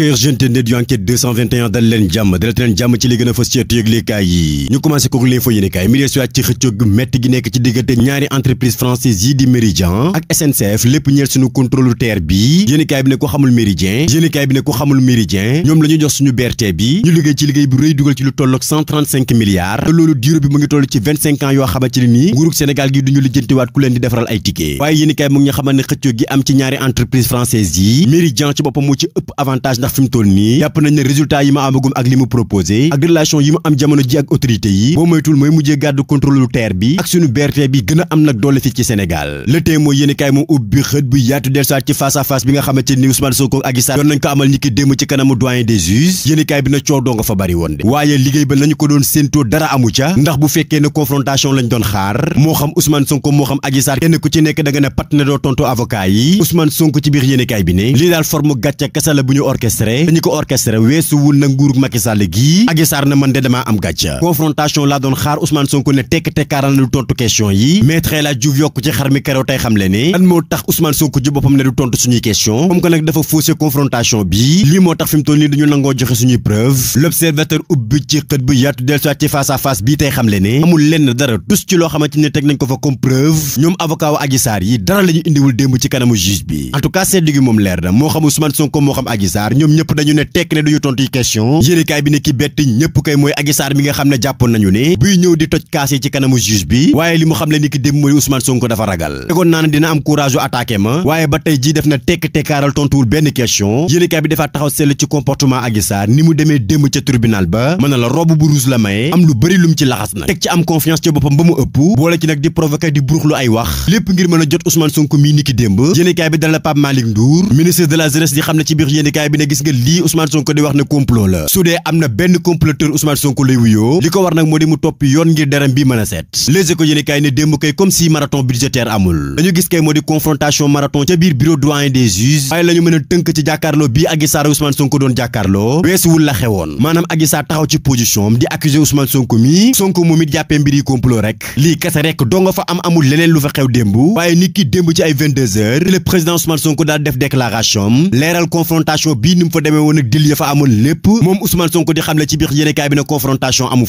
chers jeunes yu enquête 221 dal leen jàmm dal leen jàmm ci li gën a fës ci yëglekaay yi ñu commencé ko l'info yéenekaay mi dee si waat ci xëccoo gu metti gi nekk ci diggante ñaari entreprise française yi di Méridien ak SNCF lépp ñeel suñu contrôle terre bi yéenekaay bi ne ko xamul Méridien ñoom la jox suñu BRT bi ñu liggéey ci liggéey bu rëy dugal ci lu tollook 135 milliards loolu diiru bi mu ngi toll ci ans yoo xamante ne nguurug Sénégal ndax fi mu toll nii jàpp nañ ne résultat yi ma amagum ak li mu proposé ak yi mu am jamono ji ak autorité yi boo moytul mooy mujjee gàddu contrôle terre bi ak suñu BRT bi gën a am nag doole fii ci Sénégal Le Témoin yéen i kaay ubbi xët bu yaatu dellusiwaat ci face à bi nga xamante ni Ousmane Sonko ak Adji Sarr ko amal ñi ki démb ci kanamu doyen des juges yéen bi na coow doo nga fa bari woon de waaye liggéey ba nañu ko doon séentoo ndax bu fekkee ne confrontation lañ doon xaar moo xam Ousmane Sonko moo xam Adji Sarr kenn ku ci nekk da i kaay orchestré dañu ko orchestré weesuwul na nguurug Macky Sall gii Adji Sarr na man de damaa am gàcca confrontation laa doon xaar Ousmane Sonko ne tekk tekkaaral na du tontu question yi Maître El Hadji yokk ci xar mi keroog tey xam le ne lan moo tax Ousmane Sonko ji boppam ne du tontu suñuy question comme que nag dafa faussé confrontation bi lii moo tax fi mu nii dañu nangoo joxe suñuy preuve l'observateur ubbi ci xët bu yaatu del ci face à bii tey xam le ne amul lenn dara tus ci loo xamante ne teg nañ moo xam Ousmane Sonko moo ñoom ñëpp dañu ne tekk ne duñu tontu question yéenekaay bi ne ki bett ñëpp kay mooy Adji Sarr mi nga xam ne jàppoon nañu ne buy ñëw di toj kaas ci kanamu juge bi waaye li mu xam le ni ki démb mooy Ousmane Sonko dafa ragal tegoon naa ne dina am courage u attaqué ma ba tey ji def na tekk tekkaaral tontuwul benn question yéenekaay bi dafa taxaw seetlu ci comportement Adji ni mu demee démb ca tribunal ba mën na la robe bu rouge la maye am lu bëri lum ci laxas na teg ci am confiance ci boppam ba mu ëpp boole ci nag di provoquer di buruxlu ay wax lépp ngir mën a jot Ousmane Sonko mii ni ki démb yéenekaay bi dala Pape Malick Ndour ministre de la jeunesse bi ne gis nga lii Ousmane Sonko di wax ne complot la su dee am na benn comploteur Ousmane Sonko lay wuyoo li ko war nag moo di mu topp yoon ngir deram bi mën a seet Les Échos yéene kaay ne démb kay comme si marathon budgétaire amul dañu gis kay moo di confrontation marathon ca biir bureau doyen des juges waaye la mën a tënk ci jàkkaarloo bii Adji Sarr Ousmane Sonko doon jàkkaarloo weesuwul la xewoon maanaam Adji taxaw ci position di accuser Ousmane Sonko mi Sonko lu fa xew démb waaye nit ki démb ci ay 22 heures le président Ousmane Sonko daal def déclaration leeral confrontation ni ak dil ne confrontation amu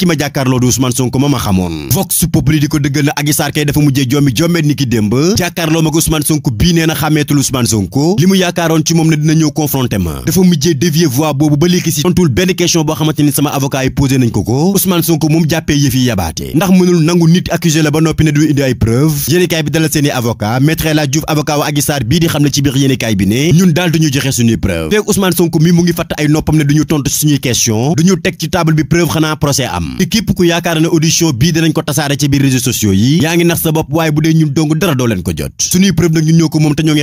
ma jàkkaarloo du Ousmane Sonko ma ma xamoon Vox Populi di ko dëggal na Adji Sarr kay dafa mujjee jommi jommeet ni ki démb jàkkaarloo mag Ousmane Sonko bii nee na xàmmeetul Ousmane Sonko li mu yaakaaroon ci moom ne dina ñëw confronté ma dafa mujjee dévier voix boobu ba léegi si tontul benn question boo xamante ni sama avocat yi posé nañ ko ko Ousmane Sonko moom jàppee yëf yabaate ndax mënul nangu nit accusé la ba noppi noppi ne du indi ay preuve yéenekaay bi dalal seeni avocat maître El Hadji avocat wa Adji bii di xam ne ci biir yéenekaay bi ne ñun daal duñu joxe suñuy preuve feeg Ousmane Sonko mi mu ngi fatt ay noppam ne duñu tontu suñuy question duñu teg ci table bi preuve xanaa procès am te ku yaakaar ne audition bii dinañ ko tasaare ci biir réseaux sociaux yi yaa ngi nax sa waaye bu dee ñun dong dara doo leen ko jot suñuy preuve nag ñun ñoo ko moom te ñoo ngi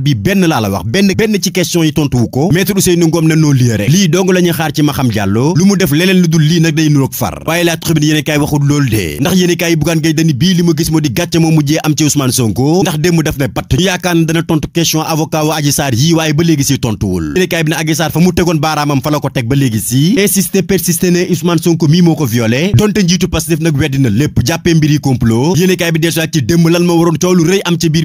bi benn laa la wax benn benn ci question yi tontuwu ko maître Ousseynou Ngom ne noo lii rek lii dong la xaar ci Maham Diallo lu mu def leneen lu dul lii nag day nuroog far waaye la tribune yéen ne patt wa bi ne Adji fa mu tegoon baaraamam fa la ko teg ba léegi si insister persister ne Ousmane Sonko mii moo ko violé donte njiitu Pastef nag weddi lépp jàppee mbir yi complot yéen kaay bi dellusiwaat ci démb lan ma waroon coow lu rëy am ci biir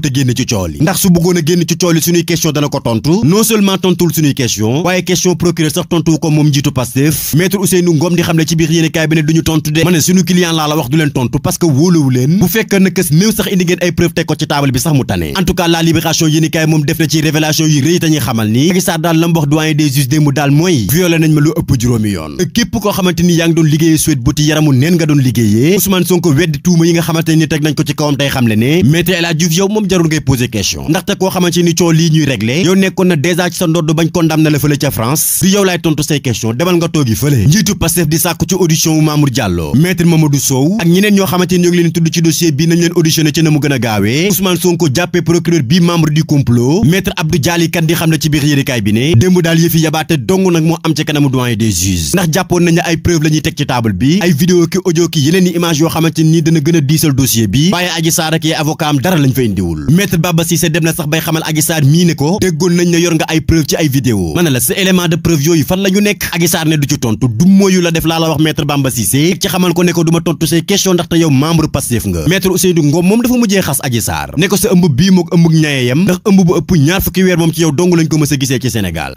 bëggut ndax su bëggoon génn ci cool yi suñuy dana ko tontu non seulement tontuwul suñuy question waaye question procureur sax tontuwu ko moom njiitu Pastef maître Ousseynou Ngom di xam ci biir yéenekaay bi duñu tontu de ma ne suñu client laa la wax du leen tontu parce que wóolawu leen bu fekkee na kës néew sax indi ay preuve teg ko ci taabal bi sax mu tane en tout cas la moom def na ci révélation yu rëy tañuy xamal ni Adji moom jarul ngay poser question ndaxte koo xamante ni coow lii ñuy réglé yow nekkoon na dèjà ci sa ndodd bañ condamné la fële ca France du yow laay tontu say question demal nga toogi fële njiitu Pastef di sàkku ci audition wu Mamour Diallo maître Mamadou Sow ak ñeneen ñoo xamante ni ñoo ngi leen tudd ci bii nañ leen auditionné ci na mu gën a gaawee Ousmane Sonko jàppee procureur bii membre du complot maître Abdou Dialy kan di xam ne ci biir yéenekaay bi ne démb daal yëfi yabaate dong nag moo am ci kanamu i dana gën a diisal leerul maître dem na sax bay xamal Adji mii ne ko déggoon nañ ne yor nga ay preuve ci ay vidéo mën na élément de preuve yooyu fan la nekk Adji ne du ci tontu du mooyu la def laa la wax maître Bamba ci xamal ko ne ko du ma tontu say question ndaxte yow membre Pastef nga maître Ousseynou Ngom moom dafa mujjee xas Adji ne ko sa ëmb bii mook ëmbug ñaayeyam ndax ëmb bu ëpp ñaar fukki weer moom ci yow dong lañ ko mës gisee ci Sénégal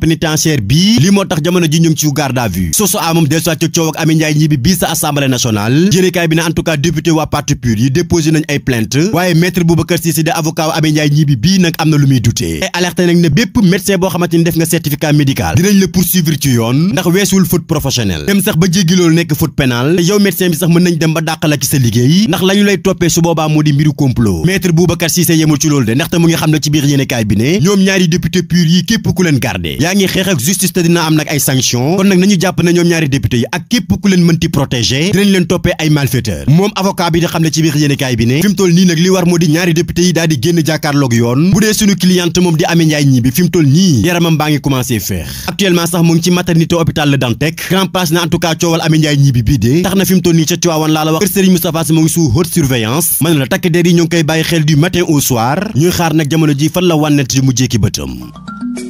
pénitentiaire bii li moo tax jamono ji ñu ci garde à vue source a moom dellusiwaat ca coow ak Amy Ndiaye Gniby bii sa assemblée nationale yéenekaay bi ne en tout waa parti pur yi déposé nañ ay plainte waaye maître Boubacar Cissé de avocat wu Amy Ndiaye Gniby nag am na lu muy dutee ay alerté nag ne bépp médecin boo xamante def nga certificat médical dinañ la poursuivre ci yoon ndax weesuwul faute professionnelle dem sax ba jéggi loolu nekk faute pénale te yaa ngi xeex ak justice te dina am nag ay sanction kon nag nañu jàpp ne ñoom ñaari député yi ak képp ku leen mënti protégé dinañ leen toppee ay malfaiteur moom avocat bi di xam ne ci biir yéenekaay bi ne fi toll nii nag li war moo di ñaari député yi daal génn jàkkaarloog yoon bu dee suñu cliente moom di Amy Ndiaye Gniby fi toll nii yaramam baa ngi commencé feex actuellement sax mu ngi ci maternité hôpital Le Dantec grand place na en tout cas coowal Amy na fi mu toll nii ca